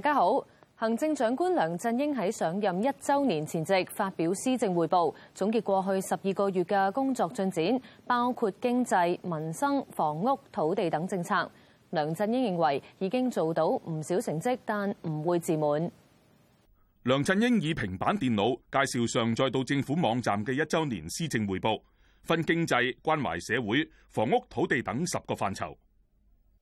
大家好，行政長官梁振英喺上任一周年前夕發表施政匯報，總結過去十二個月嘅工作進展，包括經濟、民生、房屋、土地等政策。梁振英認為已經做到唔少成績，但唔會自滿。梁振英以平板電腦介紹上載到政府網站嘅一周年施政匯報，分經濟、關懷社會、房屋、土地等十個範疇。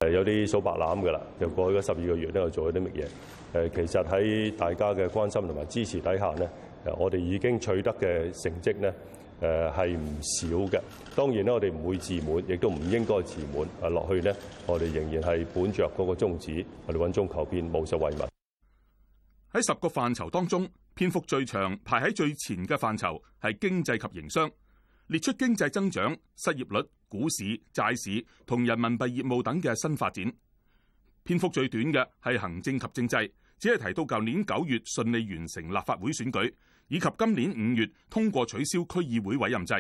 誒，有啲數白欖噶啦，又過去咗十二個月都又做咗啲乜嘢？誒，其實喺大家嘅關心同埋支持底下呢，誒，我哋已經取得嘅成績呢，誒，係唔少嘅。當然咧，我哋唔會自滿，亦都唔應該自滿。誒，落去呢，我哋仍然係本着嗰個宗旨，我哋穩中求變，務實為民。喺十個範疇當中，篇幅最長排喺最前嘅範疇係經濟及營商，列出經濟增長、失業率、股市、債市同人民幣業務等嘅新發展，篇幅最短嘅係行政及政制，只係提到舊年九月順利完成立法會選舉，以及今年五月通過取消區議會委任制。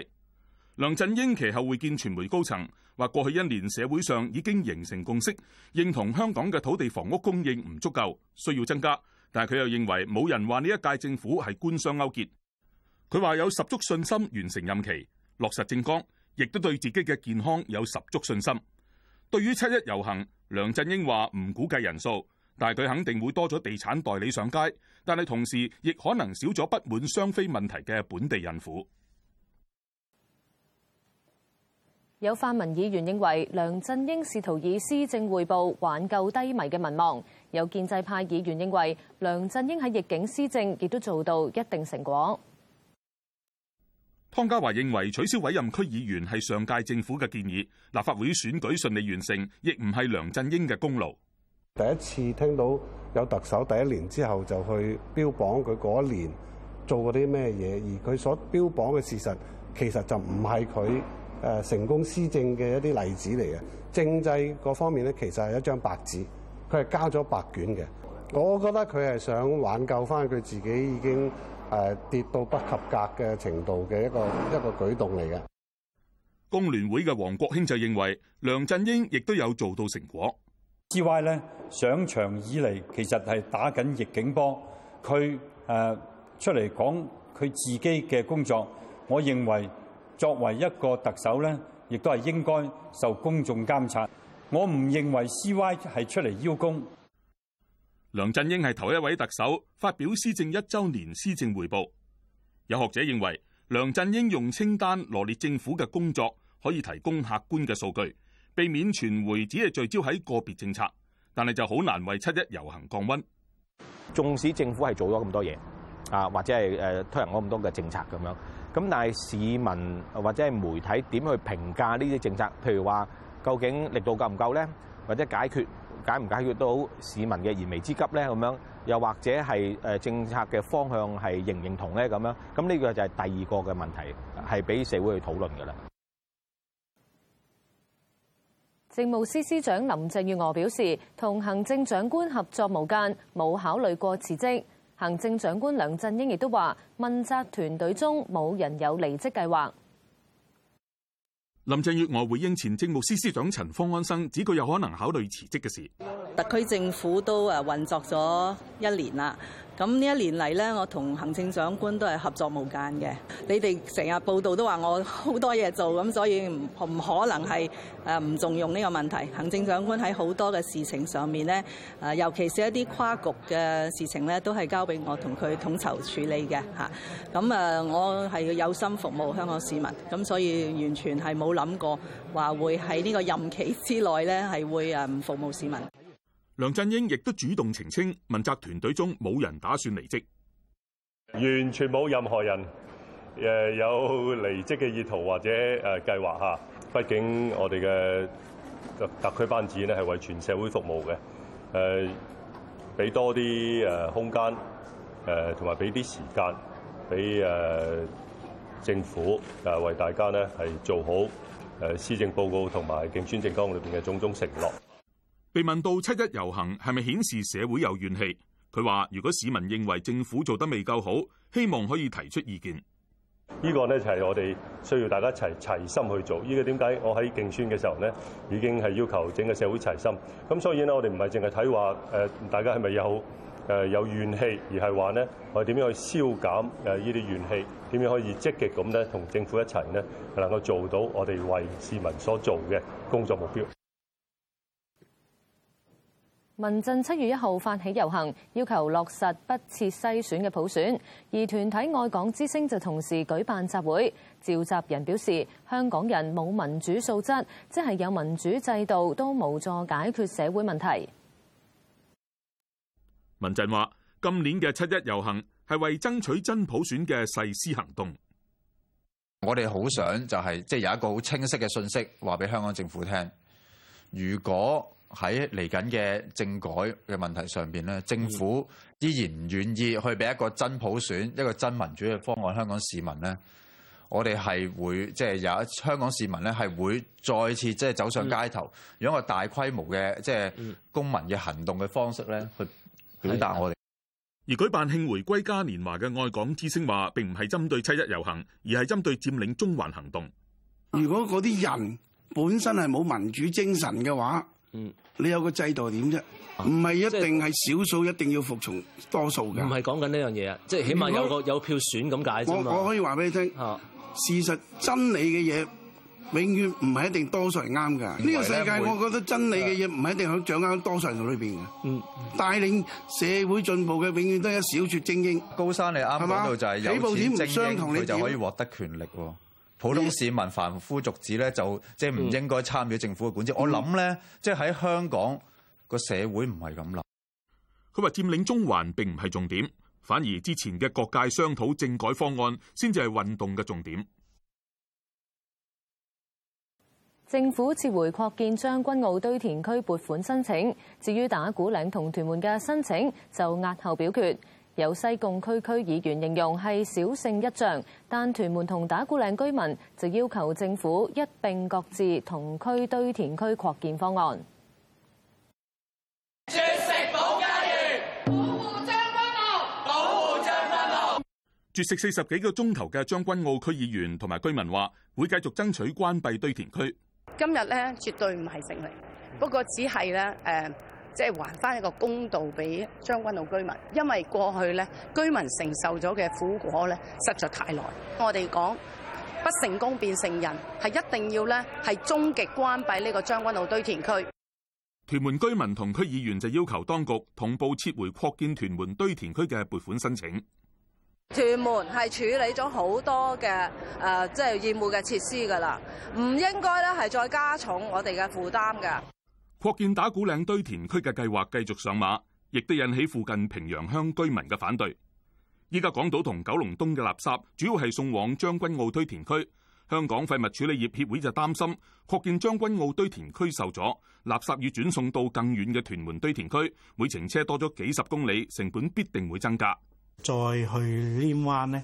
梁振英其後會見傳媒高層，話過去一年社會上已經形成共識，認同香港嘅土地房屋供應唔足夠，需要增加。但係佢又認為冇人話呢一屆政府係官商勾結。佢話有十足信心完成任期，落實政綱。亦都對自己嘅健康有十足信心。對於七一遊行，梁振英話唔估計人數，但係佢肯定會多咗地產代理上街，但係同時亦可能少咗不滿雙非問題嘅本地孕婦。有泛民議員認為梁振英試圖以施政匯報挽救低迷嘅民望，有建制派議員認為梁振英喺逆境施政亦都做到一定成果。湯家驊認為取消委任區議員係上屆政府嘅建議，立法會選舉順利完成，亦唔係梁振英嘅功勞。第一次聽到有特首第一年之後就去標榜佢嗰一年做過啲咩嘢，而佢所標榜嘅事實，其實就唔係佢誒成功施政嘅一啲例子嚟嘅。政制嗰方面咧，其實係一張白紙，佢係交咗白卷嘅。我覺得佢係想挽救返佢自己已經誒跌到不及格嘅程度嘅一個一個舉動嚟嘅。工聯會嘅王國興就認為梁振英，亦都有做到成果。CY 咧，上場以嚟其實係打緊逆境波，佢、呃、誒出嚟講佢自己嘅工作，我認為作為一個特首咧，亦都係應該受公眾監察。我唔認為 CY 係出嚟邀功。梁振英係頭一位特首發表施政一周年施政匯報，有學者認為梁振英用清單羅列政府嘅工作，可以提供客觀嘅數據，避免傳媒只係聚焦喺個別政策，但係就好難為七一遊行降温。縱使政府係做咗咁多嘢啊，或者係誒推行咗咁多嘅政策咁樣，咁但係市民或者係媒體點去評價呢啲政策？譬如話究竟力度夠唔夠呢？或者解決？解唔解決到市民嘅燃眉之急呢？咁樣又或者係誒政策嘅方向係認唔認同咧？咁樣咁呢個就係第二個嘅問題，係俾社會去討論嘅啦。政務司司長林鄭月娥表示，同行政長官合作無間，冇考慮過辭職。行政長官梁振英亦都話，問責團隊中冇人有離職計劃。林鄭月娥回應前政務司司長陳方安生指佢有可能考慮辭職嘅事。特區政府都啊運作咗一年啦。咁呢一年嚟咧，我同行政長官都係合作無間嘅。你哋成日報道都話我好多嘢做，咁所以唔唔可能係誒唔重用呢個問題。行政長官喺好多嘅事情上面咧，誒尤其是一啲跨局嘅事情咧，都係交俾我同佢統籌處理嘅嚇。咁誒，我係有心服務香港市民，咁所以完全係冇諗過話會喺呢個任期之內咧係會誒唔服務市民。梁振英亦都主動澄清，問責團隊中冇人打算離職，完全冇任何人誒有離職嘅意圖或者誒計劃嚇。畢竟我哋嘅特區班子咧係為全社會服務嘅，誒俾多啲誒空間，誒同埋俾啲時間俾誒政府啊，為大家咧係做好誒施政報告同埋競選政綱裏邊嘅種種承諾。被問到七一遊行係咪顯示社會有怨氣？佢話如果市民認為政府做得未夠好，希望可以提出意見。呢個呢就係我哋需要大家一齊齊心去做。呢個點解我喺競選嘅時候呢已經係要求整個社會齊心。咁所以呢，我哋唔係淨係睇話誒大家係咪有誒有怨氣，而係話呢我哋點樣去消減誒呢啲怨氣，點樣可以積極咁咧同政府一齊呢能夠做到我哋為市民所做嘅工作目標。民陣七月一號發起遊行，要求落實不設篩選嘅普選，而團體愛港之聲就同時舉辦集會，召集人表示：香港人冇民主素質，即係有民主制度都無助解決社會問題。民陣話：今年嘅七一遊行係為爭取真普選嘅誓師行動，我哋好想就係即係有一個好清晰嘅信息，話俾香港政府聽，如果。喺嚟緊嘅政改嘅問題上邊咧，政府依然唔願意去俾一個真普選、一個真民主嘅方案。香港市民咧，我哋係會即係、就是、有一香港市民咧，係會再次即係走上街頭，用一個大規模嘅即係公民嘅行動嘅方式咧，去表達我哋。的而舉辦慶回歸嘉年華嘅愛港之星話：並唔係針對七一遊行，而係針對佔領中環行動。如果嗰啲人本身係冇民主精神嘅話，嗯，你有個制度點啫？唔係一定係少數一定要服從多數噶。唔係講緊呢樣嘢啊，即係起碼有個有票選咁解啫。我可以話俾你聽，嗯，事實真理嘅嘢，永遠唔係一定多數人啱噶。呢個世界我覺得真理嘅嘢唔係一定響掌握喺多數人嘅裏邊嘅，嗯。嗯，帶領社會進步嘅永遠都係一小撮精英。高山嚟，啱啱講到就係有錢精英，佢就可以獲得權力。普通市民凡夫俗子咧，就即係唔應該參與政府嘅管治。我諗咧，即係喺香港個社會唔係咁諗。佢話佔領中環並唔係重點，反而之前嘅各界商討政改方案先至係運動嘅重點。政府撤回擴建將軍澳堆填區撥款申請，至於打鼓嶺同屯門嘅申請，就押後表決。有西貢區區議員形容係小勝一仗，但屯門同打鼓嶺居民就要求政府一併擱置同區堆填區擴建方案。絕食家保家園，保護將軍澳，保護將軍澳。軍澳絕食四十幾個鐘頭嘅將軍澳區議員同埋居民話，會繼續爭取關閉堆填區。今日咧絕對唔係勝利，不過只係咧誒。呃即係還翻一個公道俾將軍澳居民，因為過去咧居民承受咗嘅苦果咧，實在太耐。我哋講不成功便成仁，係一定要咧係終極關閉呢個將軍澳堆填區。屯門居民同區議員就要求當局同步撤回擴建屯門堆填區嘅撥款申請。屯門係處理咗好多嘅誒，即係業務嘅設施㗎啦，唔應該咧係再加重我哋嘅負擔㗎。擴建打鼓嶺堆填區嘅計劃繼續上馬，亦都引起附近坪洋鄉居民嘅反對。依家港島同九龍東嘅垃圾主要係送往將軍澳堆填區，香港廢物處理業協會就擔心擴建將軍澳堆填區受阻，垃圾要轉送到更遠嘅屯門堆填區，每程車多咗幾十公里，成本必定會增加。再去稔灣呢，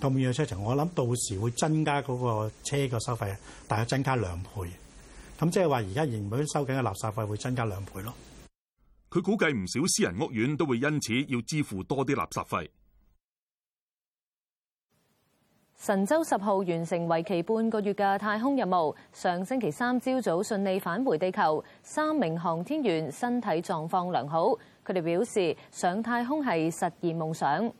咁遠嘅車程，我諗到時會增加嗰個車個收費，大概增加兩倍。咁即係話，而家仍會收緊嘅垃圾費會增加兩倍咯。佢估計唔少私人屋苑都會因此要支付多啲垃圾費。神舟十號完成為期半個月嘅太空任務，上星期三朝早順利返回地球，三名航天員身體狀況良好。佢哋表示上太空係實現夢想。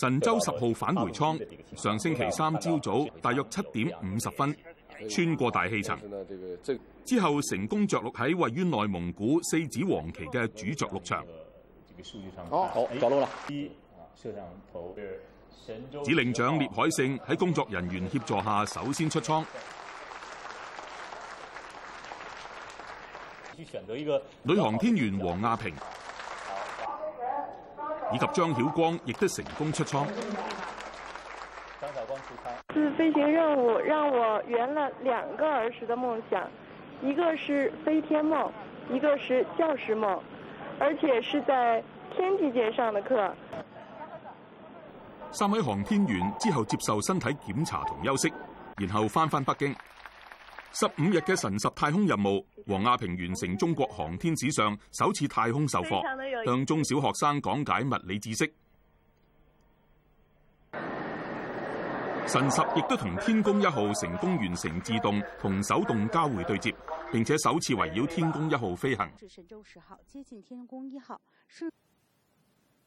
神舟十號返回艙，上星期三朝早大約七點五十分，穿過大氣層之後，成功着陸喺位於內蒙古四子王旗嘅主着陸場。哦，着陸啦！指令長聶海勝喺工作人員協助下，首先出艙。女對航天員王亞平以及張曉光亦都成功出艙。次飛行任務讓我圓了兩個兒時的夢想，一個是飛天夢，一個是教師夢，而且是在天地間上的課。三位航天員之後接受身體檢查同休息，然後翻返北京。十五日嘅神十太空任務，王亞平完成中國航天史上首次太空授課，向中小學生講解物理知識。神十亦都同天宮一號成功完成自動同手動交會對接，並且首次圍繞天宮一號飛行。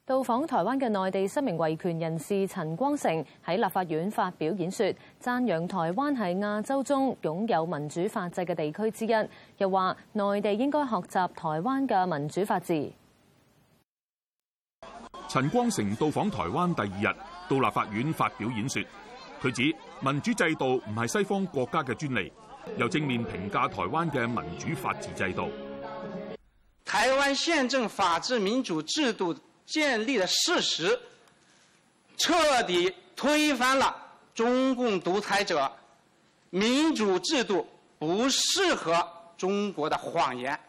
到訪台灣嘅內地失明維權人士陳光誠喺立法院發表演說，讚揚台灣係亞洲中擁有民主法制嘅地區之一，又話內地應該學習台灣嘅民主法治。陳光誠到訪台灣第二日，到立法院發表演說。佢指民主制度唔係西方國家嘅專利，又正面評價台灣嘅民主法治制度。台灣憲政法治民主制度建立嘅事實，徹底推翻了中共獨裁者民主制度不適合中國的謊言。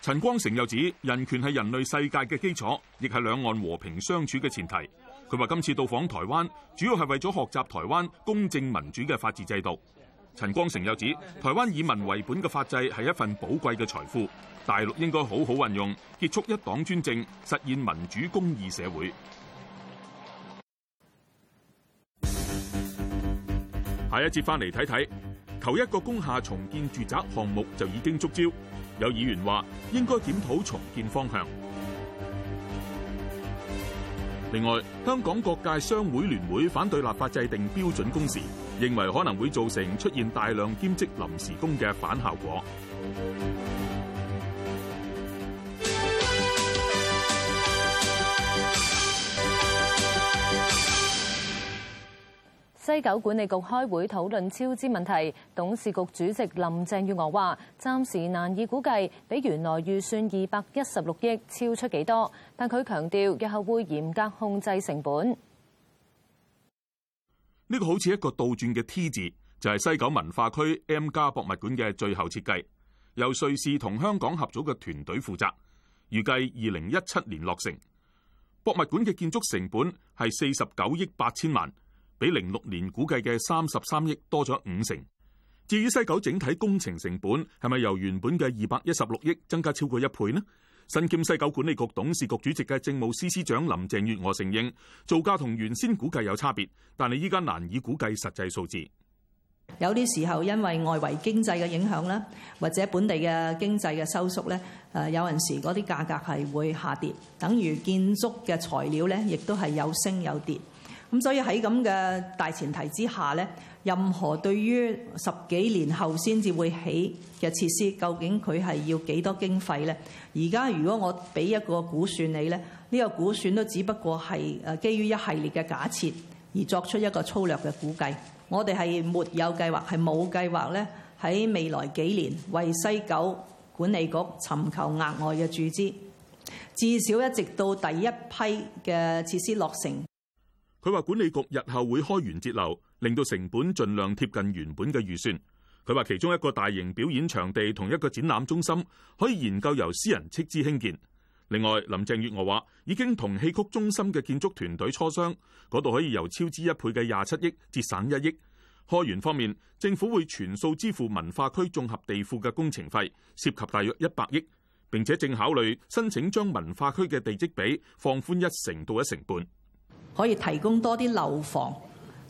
陳光誠又指人權係人類世界嘅基礎，亦係兩岸和平相處嘅前提。佢話今次到訪台灣，主要係為咗學習台灣公正民主嘅法治制度。陳光誠又指，台灣以民為本嘅法制係一份寶貴嘅財富，大陸應該好好運用，結束一黨專政，實現民主公義社會。下一節翻嚟睇睇，首一個工廈重建住宅項目就已經觸礁。有議員話應該檢討重建方向。另外，香港各界商會聯會反對立法制定標準工時，認為可能會造成出現大量兼職臨時工嘅反效果。西九管理局開會討論超支問題，董事局主席林鄭月娥話，暫時難以估計比原來預算二百一十六億超出幾多，但佢強調日後會嚴格控制成本。呢個好似一個倒轉嘅 T 字，就係西九文化區 M+ 博物館嘅最後設計，由瑞士同香港合組嘅團隊負責，預計二零一七年落成。博物館嘅建築成本係四十九億八千萬。比零六年估計嘅三十三億多咗五成。至於西九整體工程成本係咪由原本嘅二百一十六億增加超過一倍呢？身兼西九管理局董事局主席嘅政務司司長林鄭月娥承認，造價同原先估計有差別，但係依家難以估計實際數字。有啲時候因為外圍經濟嘅影響啦，或者本地嘅經濟嘅收縮咧，誒有陣時嗰啲價格係會下跌，等於建築嘅材料咧，亦都係有升有跌。咁所以喺咁嘅大前提之下咧，任何對於十幾年後先至會起嘅設施，究竟佢係要幾多經費咧？而家如果我俾一個估算你咧，呢、呢個估算都只不過係誒基於一系列嘅假設而作出一個粗略嘅估計，我哋係沒有計劃，係冇計劃咧，喺未來幾年為西九管理局尋求額外嘅注資，至少一直到第一批嘅設施落成。佢話管理局日後會開源節流，令到成本盡量貼近原本嘅預算。佢話其中一個大型表演場地同一個展覽中心可以研究由私人斥資興建。另外，林鄭月娥話已經同戲曲中心嘅建築團隊磋商，嗰度可以由超支一倍嘅廿七億節省一億。開源方面，政府會全數支付文化區綜合地庫嘅工程費，涉及大約一百億，並且正考慮申請將文化區嘅地積比放寬一成到一成半。可以提供多啲樓房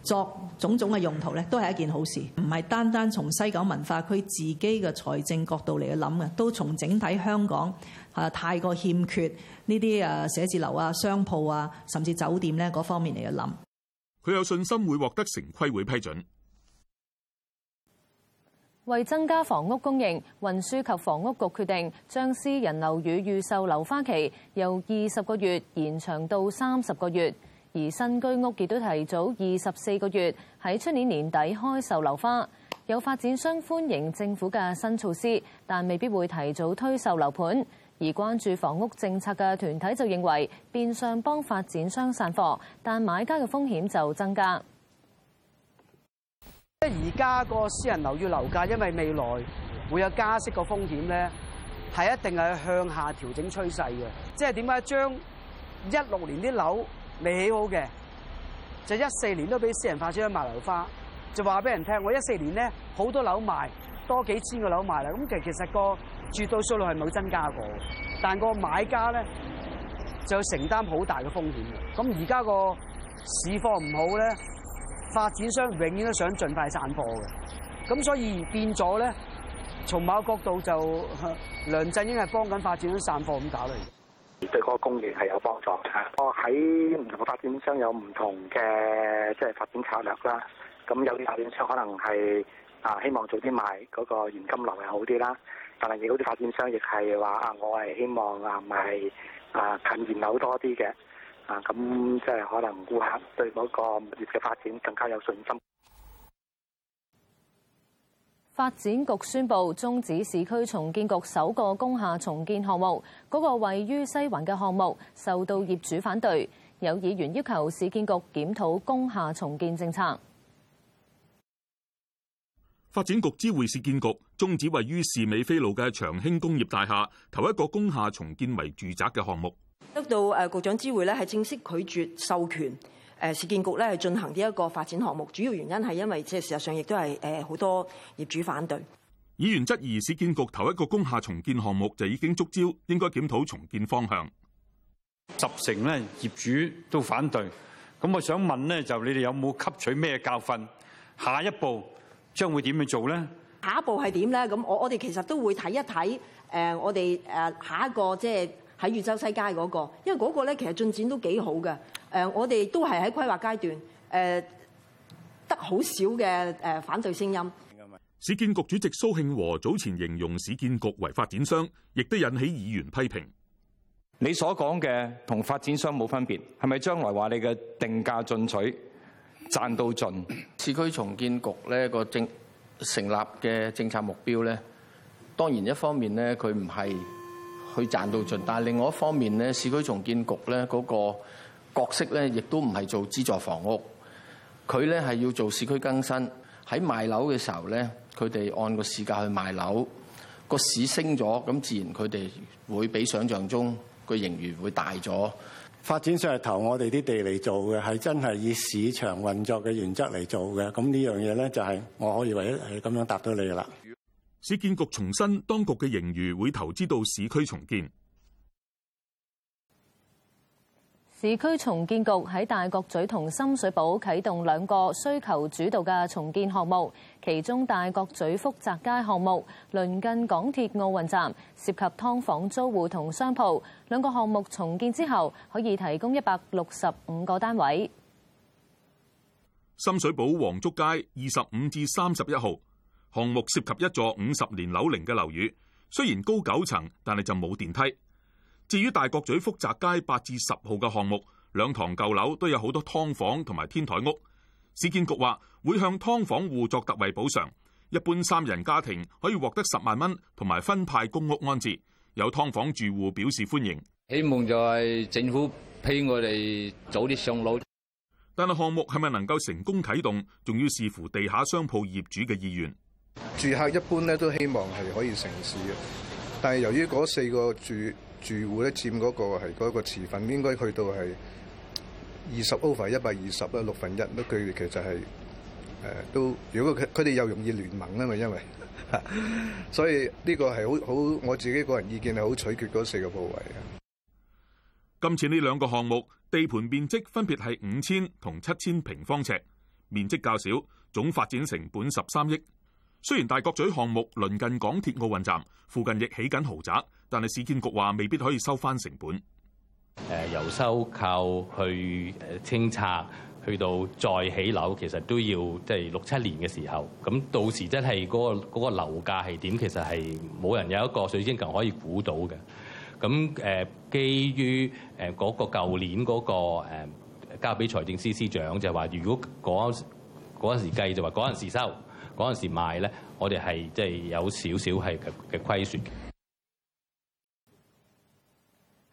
作種種嘅用途咧，都係一件好事。唔係單單從西九文化區自己嘅財政角度嚟去諗嘅，都從整體香港啊，太過欠缺呢啲誒寫字樓啊、商鋪啊，甚至酒店咧嗰方面嚟去諗，佢有信心會獲得城規會批准。為增加房屋供應，運輸及房屋局決定將私人樓宇預售樓花期由二十個月延長到三十個月。而新居屋亦都提早二十四個月喺出年年底開售樓花，有發展商歡迎政府嘅新措施，但未必會提早推售樓盤。而關注房屋政策嘅團體就認為，變相幫發展商散貨，但買家嘅風險就增加。即而家個私人樓宇樓價因為未來會有加息個風險咧，係一定係向下調整趨勢嘅。即係點解將一六年啲樓。未起好嘅，就一四年都俾私人發展商賣樓花，就話俾人聽我一四年咧好多樓賣多幾千個樓賣啦，咁其其實個絕對數量係冇增加過，但個買家咧就要承擔好大嘅風險嘅。咁而家個市況唔好咧，發展商永遠都想盡快散貨嘅，咁所以變咗咧，從某個角度就梁振英係幫緊發展商散貨咁搞嚟。對嗰個供應係有幫助嘅。我喺唔同嘅發展商有唔同嘅即係發展策略啦。咁有啲發展商可能係啊希望早啲賣嗰個現金流又好啲啦。但係亦好啲發展商亦係話啊，我係希望啊賣啊近現樓多啲嘅。啊咁、啊啊、即係可能顧客對嗰個物業嘅發展更加有信心。發展局宣布終止市區重建局首個工廈重建項目，嗰、那個位於西環嘅項目受到業主反對，有議員要求市建局檢討工廈重建政策。發展局知會市建局終止位於士美菲路嘅長興工業大廈，頭一個工廈重建為住宅嘅項目，得到誒局長知會呢係正式拒絕授權。誒市建局咧去進行呢一個發展項目，主要原因係因為即係事實上亦都係誒好多業主反對。議員質疑市建局頭一個工廈重建項目就已經觸礁，應該檢討重建方向。十成咧業主都反對，咁我想問咧就你哋有冇吸取咩教訓？下一步將會點去做咧？下一步係點咧？咁我我哋其實都會睇一睇誒我哋誒下一個即係。喺越州西街嗰、那個，因為嗰個咧其實進展都幾好嘅。誒，我哋都係喺規劃階段，誒、呃、得好少嘅誒反對聲音。市建局主席蘇慶和早前形容市建局為發展商，亦都引起議員批評，你所講嘅同發展商冇分別，係咪將來話，你嘅定價進取賺到盡？市區重建局呢個政成立嘅政策目標咧，當然一方面咧佢唔係。去賺到盡，但係另外一方面咧，市區重建局咧嗰個角色咧，亦都唔係做資助房屋，佢咧係要做市區更新。喺賣樓嘅時候咧，佢哋按個市價去賣樓，個市升咗，咁自然佢哋會比想象中個盈餘會大咗。發展商係投我哋啲地嚟做嘅，係真係以市場運作嘅原則嚟做嘅。咁呢樣嘢咧、就係，就係我可以為係咁樣答到你噶啦。市建局重申，當局嘅盈餘會投資到市區重建。市區重建局喺大角咀同深水埗啟動兩個需求主導嘅重建項目，其中大角咀福澤街項目鄰近港鐵奧運站，涉及劏房租戶同商鋪。兩個項目重建之後，可以提供一百六十五個單位。深水埗黃竹街二十五至三十一號。項目涉及一座五十年樓齡嘅樓宇，雖然高九層，但係就冇電梯。至於大角咀福澤街八至十號嘅項目，兩堂舊樓都有好多劏房同埋天台屋。市建局話會向劏房戶作特惠補償，一般三人家庭可以獲得十萬蚊，同埋分派公屋安置。有劏房住戶表示歡迎，希望就係政府批我哋早啲上樓。但係項目係咪能夠成功啟動，仲要視乎地下商鋪業主嘅意願。住客一般咧都希望係可以成事嘅，但係由於嗰四個住住戶咧佔嗰個係嗰一個持份，應該去到係二十 over 一百二十啦，六分一。咁佢其實係誒都如果佢佢哋又容易聯盟啊嘛，因為所以呢個係好好我自己個人意見係好取決嗰四個部位嘅。今次呢兩個項目地盤面積分別係五千同七千平方尺，面積較小，總發展成本十三億。雖然大角咀項目鄰近港鐵奧運站，附近亦起緊豪宅，但係市建局話未必可以收翻成本。誒由收購去清拆，去到再起樓，其實都要即係、就是、六七年嘅時候。咁到時真係嗰個嗰、那個樓價係點，其實係冇人有一個水晶球可以估到嘅。咁誒，基於誒嗰個舊年嗰個交俾財政司司長就，就係話如果嗰嗰陣時計就話嗰陣時收。嗰陣時買呢，我哋係即係有少少係嘅嘅虧損。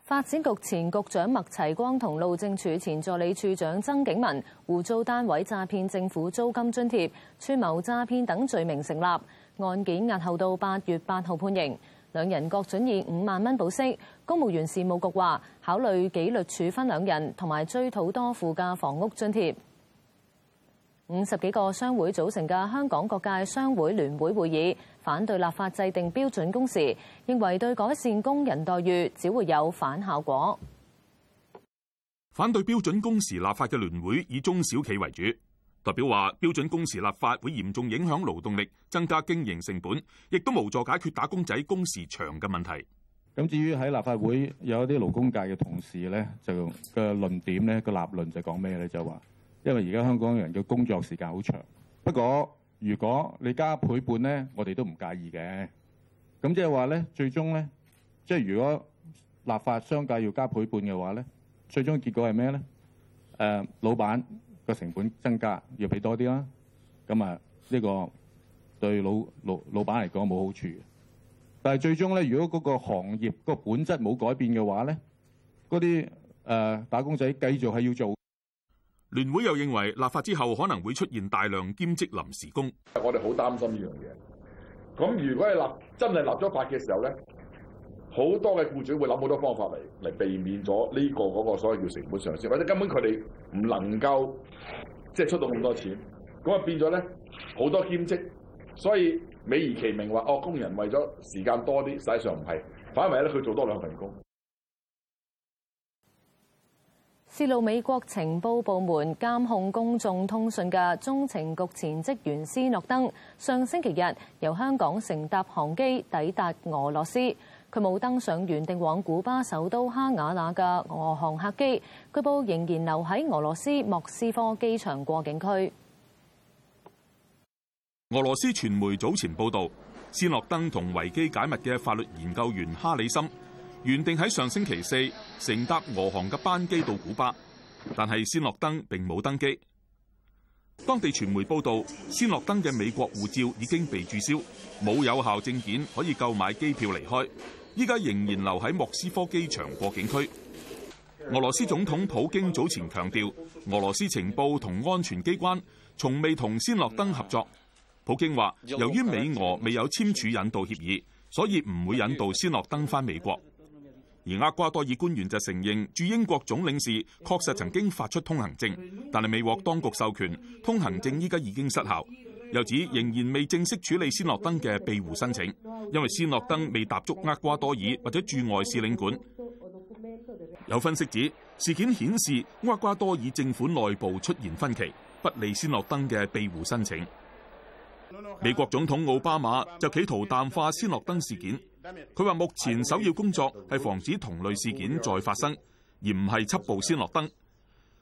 發展局前局長麥齊光同路政署前助理署長曾景文，互租單位詐騙政府租金津貼、串謀詐騙等罪名成立，案件押後到八月八號判刑。兩人各准以五萬蚊保釋。公務員事務局話考慮紀律處分兩人，同埋追討多付嘅房屋津貼。五十幾個商會組成嘅香港各界商會聯會會議，反對立法制定標準工時，認為對改善工人待遇只會有反效果。反對標準工時立法嘅聯會以中小企為主，代表話標準工時立法會嚴重影響勞動力，增加經營成本，亦都無助解決打工仔工時長嘅問題。咁至於喺立法會有一啲勞工界嘅同事咧，就嘅論點咧，個立論就講咩咧？就話。因為而家香港人嘅工作時間好長，不過如果你加倍半咧，我哋都唔介意嘅。咁即係話咧，最終咧，即係如果立法商界要加倍半嘅話咧，最終結果係咩咧？誒、呃，老闆個成本增加，要俾多啲啦。咁啊，呢個對老老老闆嚟講冇好處。但係最終咧，如果嗰個行業個本質冇改變嘅話咧，嗰啲誒打工仔繼續係要做。聯會又認為，立法之後可能會出現大量兼職臨時工，我哋好擔心呢樣嘢。咁如果係立真係立咗法嘅時候咧，好多嘅僱主會諗好多方法嚟嚟避免咗呢個嗰個所謂叫成本上升，或者根本佢哋唔能夠即係出到咁多錢，咁啊變咗咧好多兼職。所以美而其名話哦，工人為咗時間多啲，實際上唔係，反為咗佢做多兩份工。泄露美國情報部門監控公眾通訊嘅中情局前職員斯諾登，上星期日由香港乘搭航機抵達俄羅斯，佢冇登上原定往古巴首都哈瓦那嘅俄航客機，據報仍然留喺俄羅斯莫斯科機場過境區。俄羅斯傳媒早前報導，斯諾登同維基解密嘅法律研究員哈里森，原定喺上星期四乘搭俄航嘅班機到古巴，但係斯諾登並冇登機。當地傳媒報道，斯諾登嘅美國護照已經被注銷，冇有效證件可以購買機票離開。依家仍然留喺莫斯科機場過境區。俄羅斯總統普京早前強調，俄羅斯情報同安全機關從未同斯諾登合作。普京話，由於美俄未有簽署引渡協議，所以唔會引渡斯諾登返美國。而厄瓜多爾官員就承認駐英國總領事確實曾經發出通行證，但係未獲當局授權，通行證依家已經失效。又指仍然未正式處理仙諾登嘅庇護申請，因為仙諾登未踏足厄瓜多爾或者駐外使領館。有分析指，事件顯示厄瓜多爾政府內部出現分歧，不利仙諾登嘅庇護申請。美國總統奧巴馬就企圖淡化仙諾登事件。佢話：目前首要工作係防止同類事件再發生，而唔係緝捕斯諾登。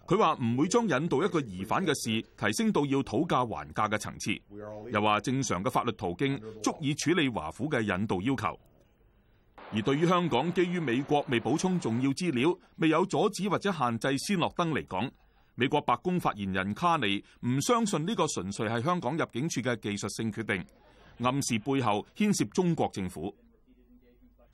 佢話唔會將引渡一個疑犯嘅事提升到要討價還價嘅層次。又話正常嘅法律途徑足以處理華府嘅引渡要求。而對於香港基於美國未補充重要資料、未有阻止或者限制斯諾登嚟講，美國白宮發言人卡尼唔相信呢個純粹係香港入境處嘅技術性決定，暗示背後牽涉中國政府。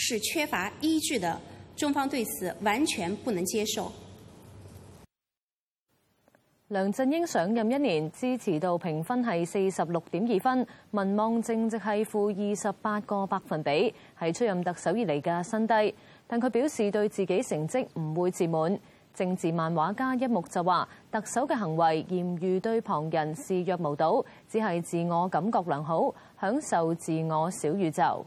是缺乏依據的，中方對此完全不能接受。梁振英上任一年支持度評分係四十六點二分，民望正值係負二十八個百分比，係出任特首以嚟嘅新低。但佢表示對自己成績唔會自滿。政治漫畫家一目就話：特首嘅行為嫌譽對旁人視若無睹，只係自我感覺良好，享受自我小宇宙。